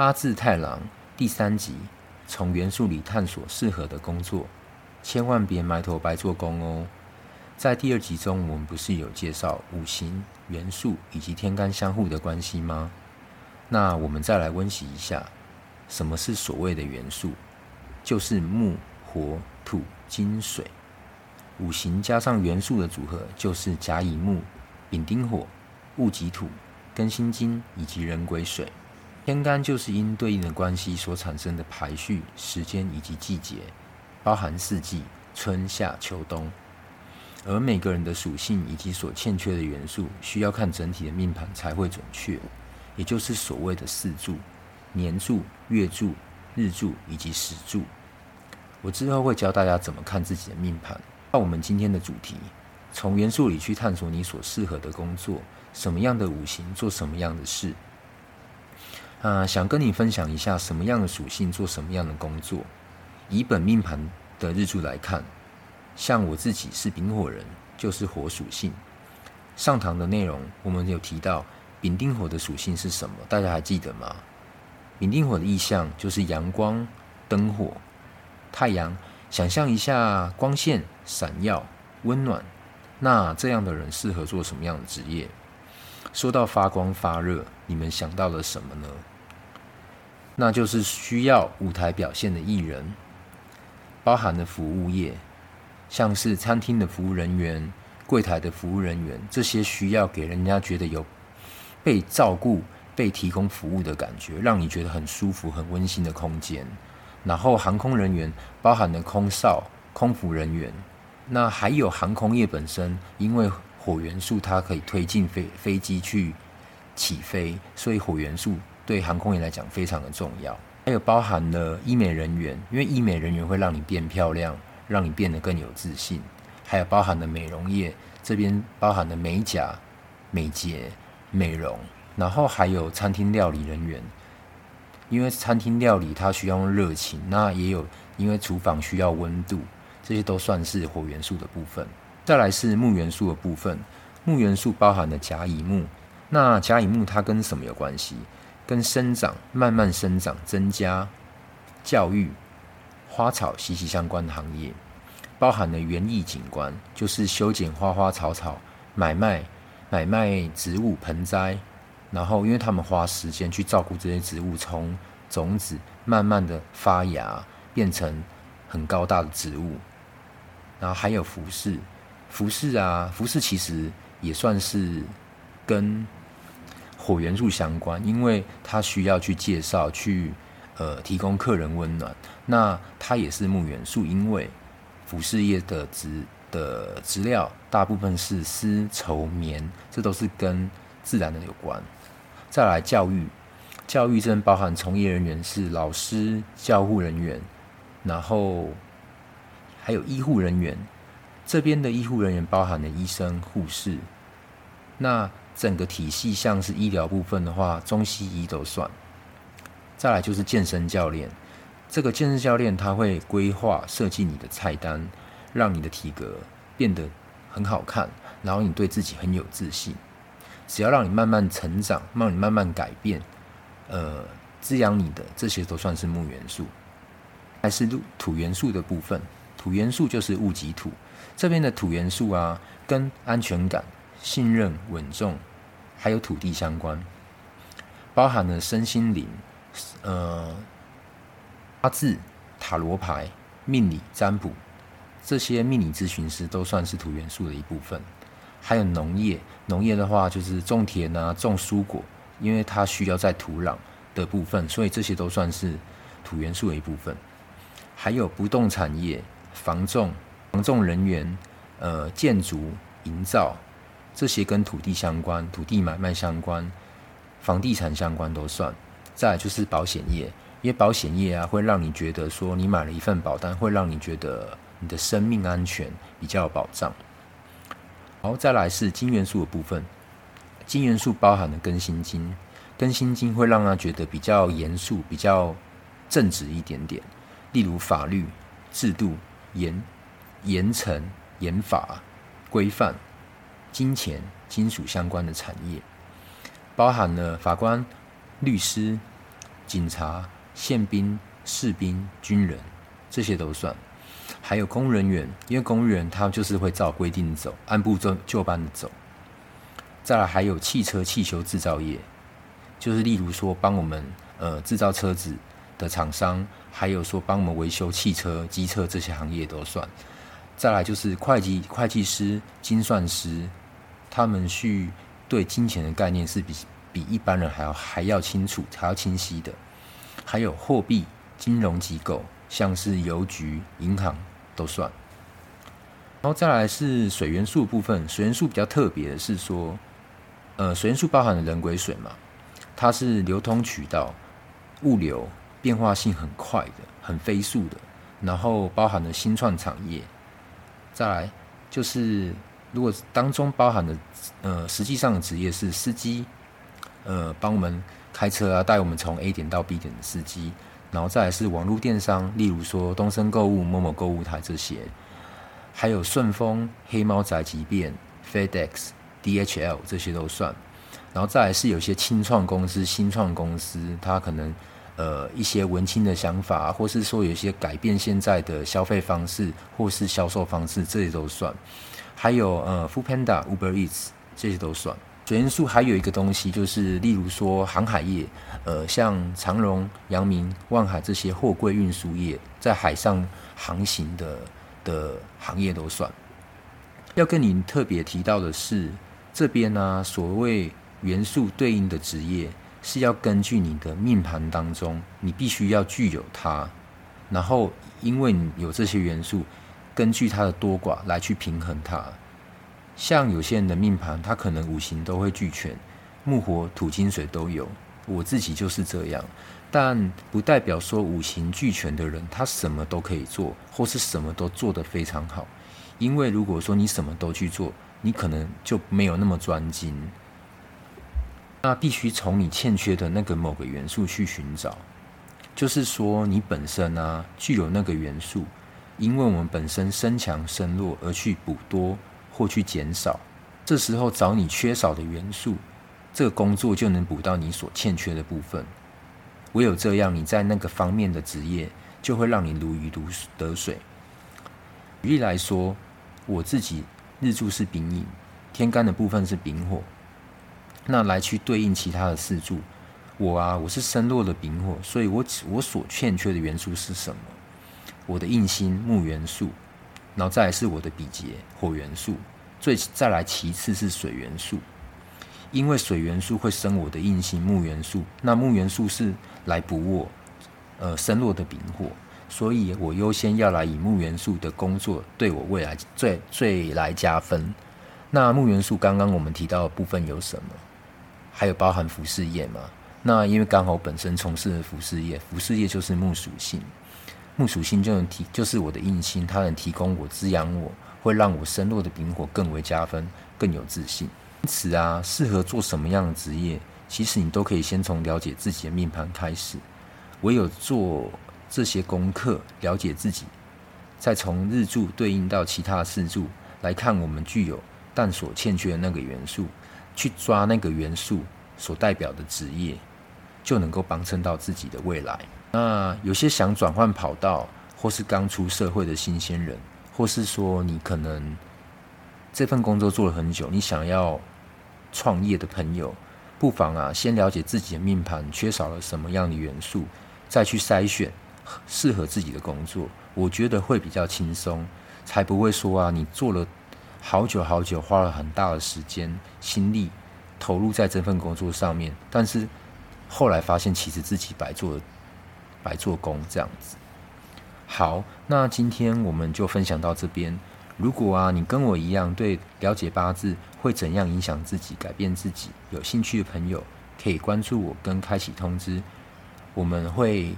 八字太郎第三集，從元素裡探索適合的工作，千萬別埋頭白做工哦。在第二集中，我們不是有介紹五行元素以及天干相互的關係嗎？那我們再來溫習一下，什麼是所謂的元素？就是木、火、土、金、水。五行加上元素的組合，就是甲乙木、丙丁火、戊己土、庚辛金以及壬癸水。天干就是因對應的關係所產生的排序、時間以及季節，包含四季、春夏秋冬。而每個人的屬性以及所欠缺的元素，需要看整體的命盤才會準確，也就是所謂的四柱、年柱、月柱、日柱以及時柱。我之後會教大家怎麼看自己的命盤。那我們今天的主題，從元素裡去探索你所適合的工作，什麼樣的五行做什麼樣的事。啊、呃，想跟你分享一下什麼樣的屬性做什麼樣的工作。以本命盤的日柱來看，像我自己是丙火人，就是火屬性。上堂的內容我們有提到丙丁火的屬性是什麼，大家還記得嗎？丙丁火的意象就是陽光、燈火、太陽，想象一下光線閃耀、溫暖。那這樣的人適合做什麼樣的職業？說到發光發熱，你們想到了什麼呢？那就是需要舞台表現的藝人，包含的服務業，像是餐廳的服務人員、櫃檯的服務人員，這些需要給人家覺得有被照顧、被提供服務的感覺，讓你覺得很舒服、很溫馨的空間。然後，航空人員包含了空少、空服人員，那還有航空業本身，因為火元素它可以推進飛飛機去起飛，所以火元素。對航空員來講非常的重要，還有包含了醫美人員，因為醫美人員會讓你變漂亮，讓你變得更有自信，還有包含了美容業，這邊包含了美甲、美睫、美容，然後還有餐廳料理人員，因為餐廳料理它需要用熱情，那也有因為廚房需要溫度，這些都算是火元素的部分。再來是木元素的部分，木元素包含了甲乙木，那甲乙木它跟什麼有關係？跟生長、慢慢生長、增加教育、花草息息相關的行業，包含了園藝景觀，就是修剪花花草草、買賣、買賣植物盆栽，然後因為他們花時間去照顧這些植物，從種子慢慢的發芽變成很高大的植物，然後還有服飾，服飾啊，服飾其實也算是跟。火元素相關，因為他需要去介紹，去呃提供客人溫暖。那他也是木元素，因為服飾業的資的資料大部分是絲綢、棉，這都是跟自然的有關。再來教育，教育這邊包含從業人員是老師、教護人員，然後還有醫護人員。這邊的醫護人員包含了醫生、護士，那。整個體系像是醫療部分的話，中西醫都算。再來就是健身教練，這個健身教練他會規劃設計你的菜單，讓你的體格變得很好看，然後你對自己很有自信。只要讓你慢慢成長，讓你慢慢改變，呃，滋養你的這些都算是木元素，還是土元素的部分。土元素就是戊己土，這邊的土元素啊，跟安全感、信任、穩重。還有土地相關，包含了身心靈，呃，八字、塔羅牌、命理占卜，這些命理諮詢師都算是土元素的一部分。還有農業，農業的話就是種田啊，種蔬果，因為它需要在土壤的部分，所以這些都算是土元素的一部分。還有不動產業、房仲、房仲人員，呃，建築營造。這些跟土地相關、土地買賣相關、房地產相關都算。再來就是保險業，因為保險業啊，會讓你覺得說你買了一份保單，會讓你覺得你的生命安全比較有保障。好，再來是金元素的部分，金元素包含了庚辛金，庚辛金會讓他覺得比較嚴肅、比較正直一點點。例如法律、制度、嚴、嚴懲、嚴法、規範。金錢、金屬相關的產業，包含了法官、律師、警察、憲兵、士兵、軍人，這些都算。還有公務人員，因為公務人員他就是會照規定的走，按部就班的走。再來還有汽車、汽修製造業，就是例如說幫我們呃製造車子的廠商，還有說幫我們維修汽車、機車這些行業都算。再來就是會計、會計師、精算師。他們去對金錢的概念是比比一般人還要還要清楚還要清晰的，還有貨幣金融機構，像是郵局、銀行都算。然後再來是水元素的部分，水元素比較特別的是說，呃，水元素包含了壬癸水嘛，它是流通渠道、物流，變化性很快的，很飛速的。然後包含了新創產業，再來就是。如果當中包含的，呃，實際上的職業是司機，呃，幫我們開車啊，帶我們從 A 點到 B 點的司機，然後再來是網絡電商，例如說東森購物、某某購物台這些，還有順豐、黑貓宅急便、FedEx、DHL 這些都算，然後再來是有些輕創公司、新創公司，它可能。呃，一些文青的想法，或是說有一些改變現在的消費方式，或是銷售方式，這些都算。還有呃 Foodpanda Uber Eats 這些都算。水元素還有一個東西，就是例如說航海業，呃，像長榮、陽明、萬海這些貨櫃運輸業，在海上航行的的行業都算。要跟您特別提到的是，這邊呢、啊，所謂元素對應的職業。是要根據你的命盤當中，你必須要具有它，然後因為你有這些元素，根據它的多寡來去平衡它。像有些人的命盤，他可能五行都會俱全，木火土金水都有。我自己就是這樣，但不代表說五行俱全的人他什麼都可以做，或是什麼都做得非常好。因為如果說你什麼都去做，你可能就沒有那麼專精。那必須從你欠缺的那個某個元素去尋找，就是說你本身啊具有那個元素，因為我們本身身強身弱而去補多或去減少，這時候找你缺少的元素，這個工作就能補到你所欠缺的部分。唯有這樣，你在那個方面的職業就會讓你如魚得水。舉例來說，我自己日柱是丙寅，天干的部分是丙火。那來去對應其他的四柱，我啊，我是身弱的丙火，所以我我所欠缺的元素是什麼？我的印星木元素，然後再來是我的比劫火元素，最再來其次是水元素，因為水元素會生我的印星木元素，那木元素是來補我呃身弱的丙火，所以我優先要來以木元素的工作對我未來最最來加分。那木元素剛剛我們提到的部分有什麼？還有包含服飾業嘛？那因為剛好本身從事的服飾業，服飾業就是木屬性，木屬性就能提，就是我的印星，它能提供我滋養我，會讓我生落的丙火更為加分，更有自信。因此啊，適合做什麼樣的職業，其實你都可以先從了解自己的命盤開始。唯有做這些功課，了解自己，再從日柱對應到其他四柱來看，我們具有但所欠缺的那個元素。去抓那個元素所代表的職業，就能夠幫襯到自己的未來。那有些想轉換跑道，或是剛出社會的新鮮人，或是說你可能這份工作做了很久，你想要創業的朋友，不妨啊先了解自己的命盤缺少了什麼樣的元素，再去篩選適合自己的工作，我覺得會比較輕鬆，才不會說啊你做了。好久好久，花了很大的時間心力投入在這份工作上面，但是後來發現其實自己白做白做工這樣子。好，那今天我們就分享到這邊。如果啊你跟我一樣對了解八字會怎樣影響自己、改變自己有興趣的朋友，可以關注我跟開啟通知。我們會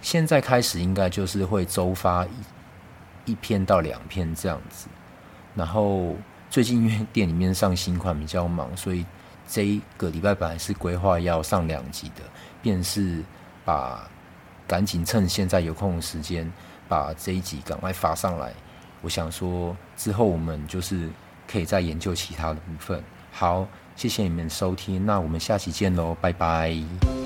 現在開始，應該就是會周發一一篇到兩篇這樣子。然後最近因為店裡面上新款比較忙，所以這一個禮拜本來是規劃要上兩集的，便是把趕緊趁現在有空的時間把這一集趕快發上來。我想說之後我們就是可以再研究其他的部分。好，謝謝你們收聽，那我們下期見嘍，拜拜。